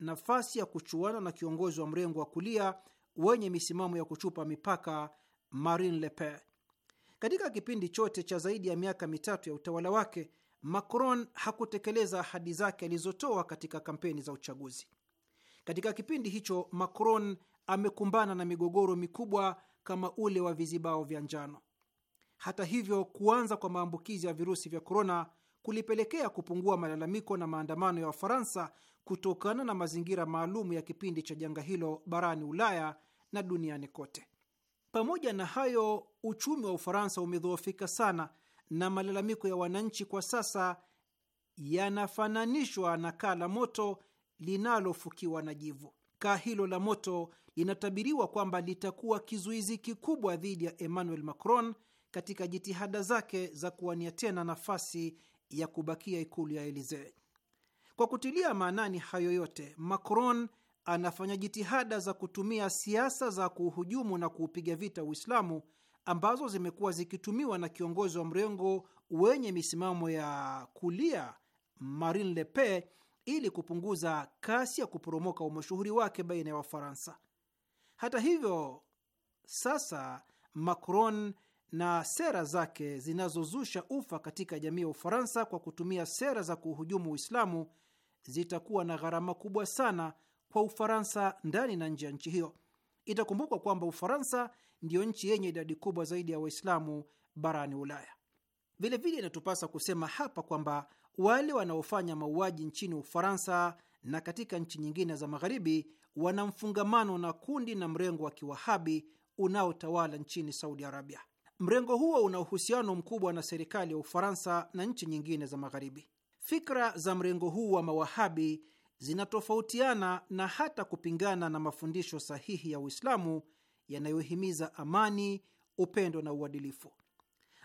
[SPEAKER 3] nafasi ya kuchuana na kiongozi wa mrengo wa kulia wenye misimamo ya kuchupa mipaka Marine Le Pen. Katika kipindi chote cha zaidi ya miaka mitatu ya utawala wake, Macron hakutekeleza ahadi zake alizotoa katika kampeni za uchaguzi. Katika kipindi hicho, Macron amekumbana na migogoro mikubwa kama ule wa vizibao vya njano. Hata hivyo, kuanza kwa maambukizi ya virusi vya korona kulipelekea kupungua malalamiko na maandamano ya Wafaransa kutokana na mazingira maalum ya kipindi cha janga hilo barani Ulaya na duniani kote. Pamoja na hayo, uchumi wa Ufaransa umedhoofika sana na malalamiko ya wananchi kwa sasa yanafananishwa na kaa la moto linalofukiwa na jivu. Kaa hilo la moto linatabiriwa kwamba litakuwa kizuizi kikubwa dhidi ya Emmanuel Macron katika jitihada zake za kuwania tena nafasi ya kubakia ikulu ya Elisee. Kwa kutilia maanani hayo yote, Macron anafanya jitihada za kutumia siasa za kuhujumu na kuupiga vita Uislamu ambazo zimekuwa zikitumiwa na kiongozi wa mrengo wenye misimamo ya kulia Marine Le Pen ili kupunguza kasi ya kuporomoka umashuhuri wake baina ya Wafaransa. Hata hivyo, sasa Macron na sera zake zinazozusha ufa katika jamii ya Ufaransa kwa kutumia sera za kuhujumu Uislamu zitakuwa na gharama kubwa sana kwa Ufaransa ndani na nje ya nchi hiyo. Itakumbukwa kwamba Ufaransa ndiyo nchi yenye idadi kubwa zaidi ya Waislamu barani Ulaya. Vilevile inatupasa kusema hapa kwamba wale wanaofanya mauaji nchini Ufaransa na katika nchi nyingine za Magharibi wana mfungamano na kundi na mrengo wa kiwahabi unaotawala nchini Saudi Arabia. Mrengo huo una uhusiano mkubwa na serikali ya Ufaransa na nchi nyingine za Magharibi. Fikra za mrengo huu wa mawahabi zinatofautiana na hata kupingana na mafundisho sahihi ya Uislamu yanayohimiza amani, upendo na uadilifu.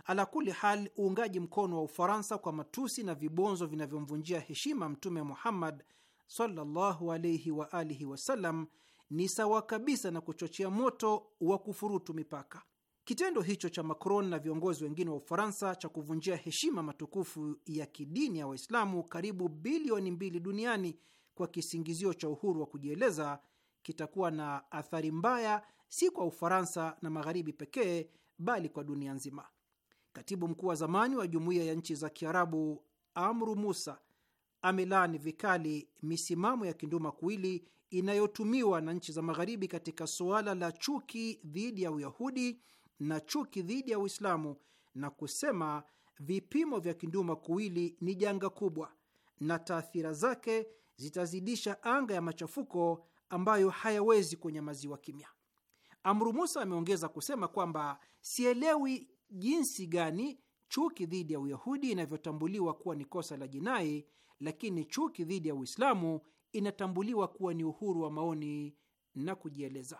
[SPEAKER 3] Ala kuli hal, uungaji mkono wa Ufaransa kwa matusi na vibonzo vinavyomvunjia heshima Mtume Muhammad sallallahu alayhi wa alihi wasallam ni sawa kabisa na kuchochea moto wa kufurutu mipaka. Kitendo hicho cha Macron na viongozi wengine wa Ufaransa cha kuvunjia heshima matukufu ya kidini ya Waislamu karibu bilioni mbili duniani kwa kisingizio cha uhuru wa kujieleza kitakuwa na athari mbaya si kwa Ufaransa na Magharibi pekee, bali kwa dunia nzima. Katibu mkuu wa zamani wa Jumuiya ya Nchi za Kiarabu Amru Musa amelaani vikali misimamo ya kinduma kuili inayotumiwa na nchi za Magharibi katika suala la chuki dhidi ya Uyahudi na chuki dhidi ya Uislamu na kusema vipimo vya kinduma kuwili ni janga kubwa na taathira zake zitazidisha anga ya machafuko ambayo hayawezi kunyamaziwa kimya. Amru Musa ameongeza kusema kwamba sielewi jinsi gani chuki dhidi ya Uyahudi inavyotambuliwa kuwa ni kosa la jinai, lakini chuki dhidi ya Uislamu inatambuliwa kuwa ni uhuru wa maoni na kujieleza.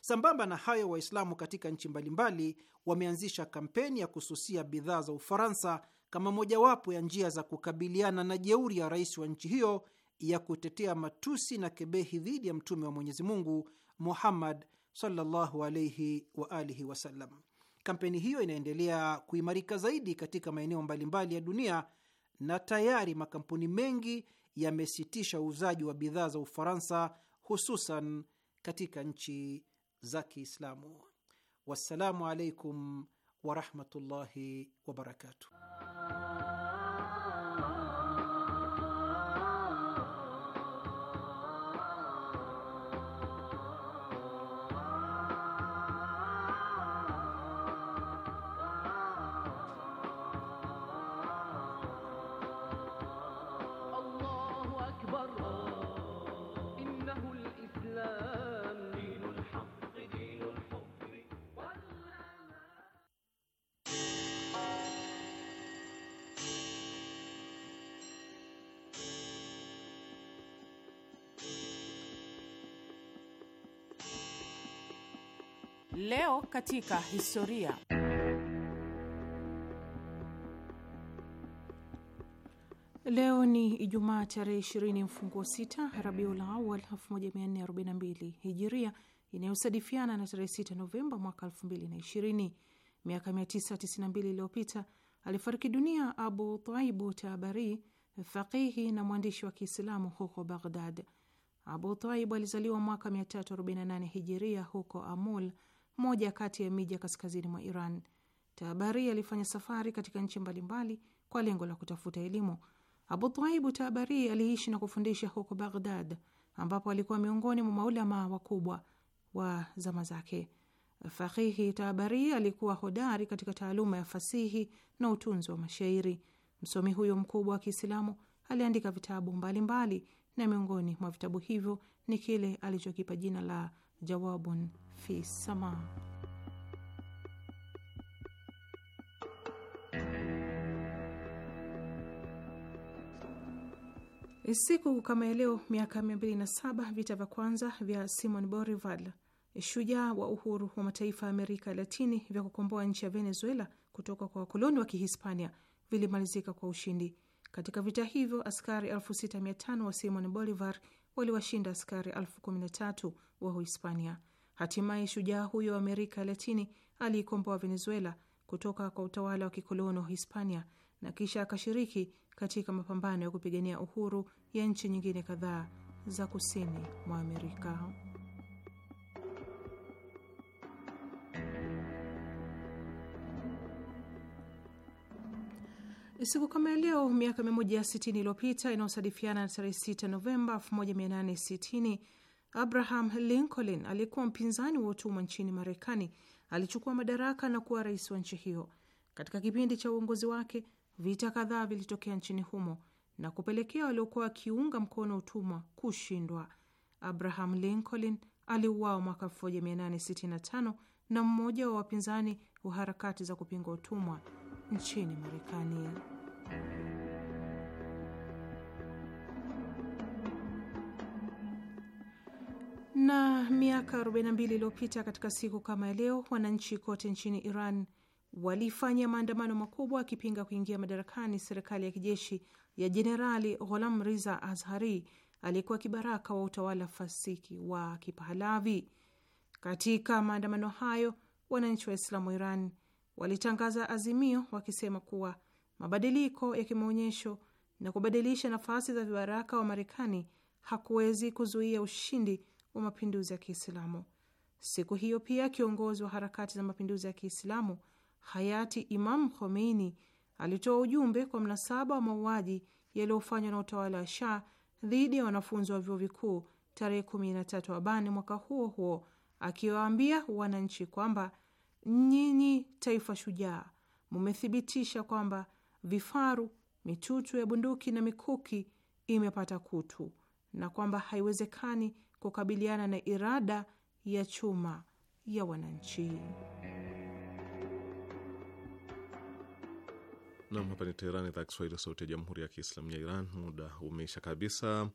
[SPEAKER 3] Sambamba na hayo, Waislamu katika nchi mbalimbali wameanzisha kampeni ya kususia bidhaa za Ufaransa kama mojawapo ya njia za kukabiliana na jeuri ya rais wa nchi hiyo ya kutetea matusi na kebehi dhidi ya mtume wa Mwenyezi Mungu Muhammad sallallahu alaihi wa alihi wasallam. Kampeni hiyo inaendelea kuimarika zaidi katika maeneo mbalimbali ya dunia na tayari makampuni mengi yamesitisha uuzaji wa bidhaa za Ufaransa, hususan katika nchi za Kiislamu. Wassalamu alaikum warahmatullahi wabarakatuh.
[SPEAKER 4] katika historia. Leo ni Ijumaa tarehe 20 mfunguo 6 Rabiul Awal 1442 Hijiria, inayosadifiana na tarehe 6 Novemba mwaka ishirini. Miaka 992 iliyopita alifariki dunia Abu Taibu Tabari, faqihi na mwandishi wa Kiislamu huko Baghdad. Abu Taibu alizaliwa mwaka 348 Hijiria huko Amul moja kati ya miji ya kaskazini mwa Iran. Tabari alifanya safari katika nchi mbalimbali kwa lengo la kutafuta elimu. Abu Taibu Tabari aliishi na kufundisha huko Baghdad, ambapo alikuwa miongoni mwa maulamaa wakubwa wa zama zake. Fakihi Tabari alikuwa hodari katika taaluma ya fasihi na utunzi wa mashairi. Msomi huyo mkubwa wa Kiislamu aliandika vitabu mbalimbali mbali, na miongoni mwa vitabu hivyo ni kile alichokipa jina la jawabun fi sama. Siku kama leo miaka 27 vita vya kwanza vya Simon Bolivar, shujaa wa uhuru wa mataifa ya Amerika Latini, vya kukomboa nchi ya Venezuela kutoka kwa wakoloni wa Kihispania vilimalizika kwa ushindi. Katika vita hivyo askari 65 wa Simon Bolivar waliwashinda askari elfu kumi na tatu wa Uhispania. Hatimaye shujaa huyo wa Amerika Latini aliikomboa Venezuela kutoka kwa utawala wa kikoloni wa Hispania na kisha akashiriki katika mapambano ya kupigania uhuru ya nchi nyingine kadhaa za kusini mwa Amerika. Siku kama ya leo miaka 160 iliyopita inayosadifiana na tarehe 6 Novemba 1860, Abraham Lincoln aliyekuwa mpinzani wa utumwa nchini Marekani alichukua madaraka na kuwa rais wa nchi hiyo. Katika kipindi cha uongozi wake, vita kadhaa vilitokea nchini humo na kupelekea waliokuwa wakiunga mkono utumwa kushindwa. Abraham Lincoln aliuawa mwaka 1865 na mmoja wa wapinzani wa harakati za kupinga utumwa nchini Marekani. Na miaka 42 iliyopita katika siku kama leo, wananchi kote nchini Iran walifanya maandamano makubwa akipinga kuingia madarakani serikali ya kijeshi ya Jenerali Gholam Riza Azhari aliyekuwa kibaraka wa utawala fasiki wa Kipahalavi. Katika maandamano hayo, wananchi islamu wa Iran walitangaza azimio wakisema kuwa mabadiliko ya kimaonyesho na kubadilisha nafasi za vibaraka wa Marekani hakuwezi kuzuia ushindi wa mapinduzi ya Kiislamu. Siku hiyo pia kiongozi wa harakati za mapinduzi ya Kiislamu hayati Imam Khomeini alitoa ujumbe kwa mnasaba wa mauaji yaliyofanywa na utawala wa Shah dhidi ya wanafunzi wa vyuo vikuu tarehe 13 Abani mwaka huo huo, akiwaambia wananchi kwamba nyinyi taifa shujaa, mumethibitisha kwamba vifaru, mitutu ya bunduki na mikuki imepata kutu na kwamba haiwezekani kukabiliana na irada ya chuma ya wananchi.
[SPEAKER 1] Nam, hapa ni Teherani, idhaa Kiswahili, sauti ya jamhuri ya kiislamu ya Iran. Muda umeisha kabisa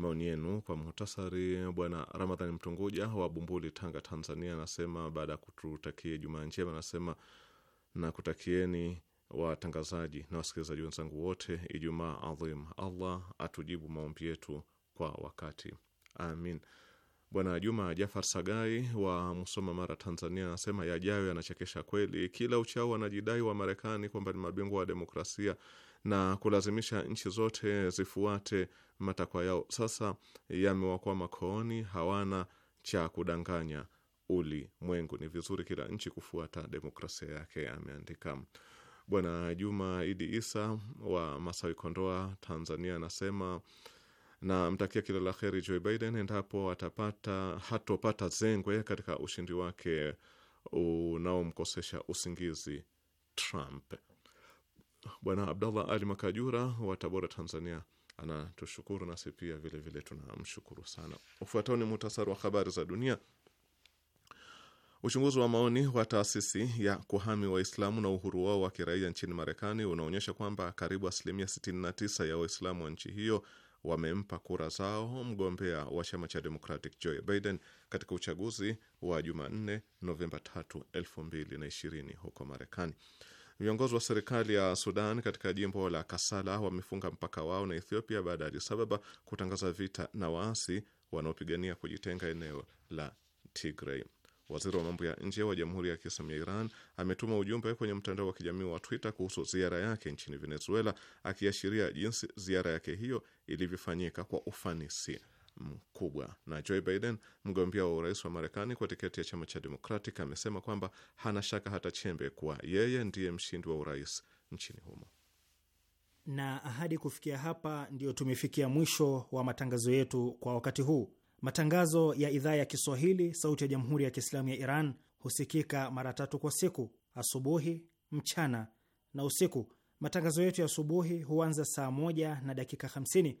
[SPEAKER 1] maoni yenu kwa muhtasari. Bwana Ramadhani Mtunguja wa Bumbuli, Tanga, Tanzania, anasema baada ya kututakia Jumaa njema, anasema na kutakieni watangazaji na wasikilizaji wenzangu wote Ijumaa adhim. Allah atujibu maombi yetu kwa wakati, amin. Bwana Juma Jafar Sagai wa Musoma, Mara, Tanzania anasema yajayo yanachekesha kweli, kila uchao wanajidai wa Marekani kwamba ni mabingwa wa demokrasia na kulazimisha nchi zote zifuate matakwa yao, sasa yamewakwa makooni hawana cha kudanganya ulimwengu. Ni vizuri kila nchi kufuata demokrasia yake, ameandika Bwana Juma Idi Isa wa Masawi, Kondoa, Tanzania, anasema namtakia kila la heri Joe Biden endapo atapata hatopata zengwe katika ushindi wake unaomkosesha usingizi Trump. Bwana Abdallah Ali Makajura wa Tabora, Tanzania, anatushukuru, nasi pia vilevile tunamshukuru sana. Ufuatao ni muhtasari wa habari za dunia. Uchunguzi wa maoni wa taasisi ya kuhami Waislamu na uhuru wao wa kiraia nchini Marekani unaonyesha kwamba karibu asilimia 69 ya Waislamu wa nchi hiyo wamempa kura zao mgombea wa chama cha Democratic Joe Biden katika uchaguzi wa Jumanne Novemba 3, 2020 huko Marekani. Viongozi wa serikali ya Sudan katika jimbo la Kasala wamefunga mpaka wao na Ethiopia baada ya Addis Ababa kutangaza vita na waasi wanaopigania kujitenga eneo la Tigray. Waziri wa mambo ya nje wa Jamhuri ya Kiislamu ya Iran ametuma ujumbe kwenye mtandao wa kijamii wa Twitter kuhusu ziara yake nchini Venezuela, akiashiria jinsi ziara yake hiyo ilivyofanyika kwa ufanisi mkubwa. Na Joe Biden, mgombea wa urais wa Marekani kwa tiketi ya chama cha Democratic, amesema kwamba hana shaka hata chembe kuwa yeye ndiye mshindi wa urais nchini humo.
[SPEAKER 5] Na ahadi kufikia hapa, ndiyo tumefikia mwisho wa matangazo yetu kwa wakati huu. Matangazo ya idhaa ya Kiswahili sauti ya Jamhuri ya Kiislamu ya Iran husikika mara tatu kwa siku: asubuhi, mchana na usiku. Matangazo yetu ya asubuhi huanza saa moja na dakika hamsini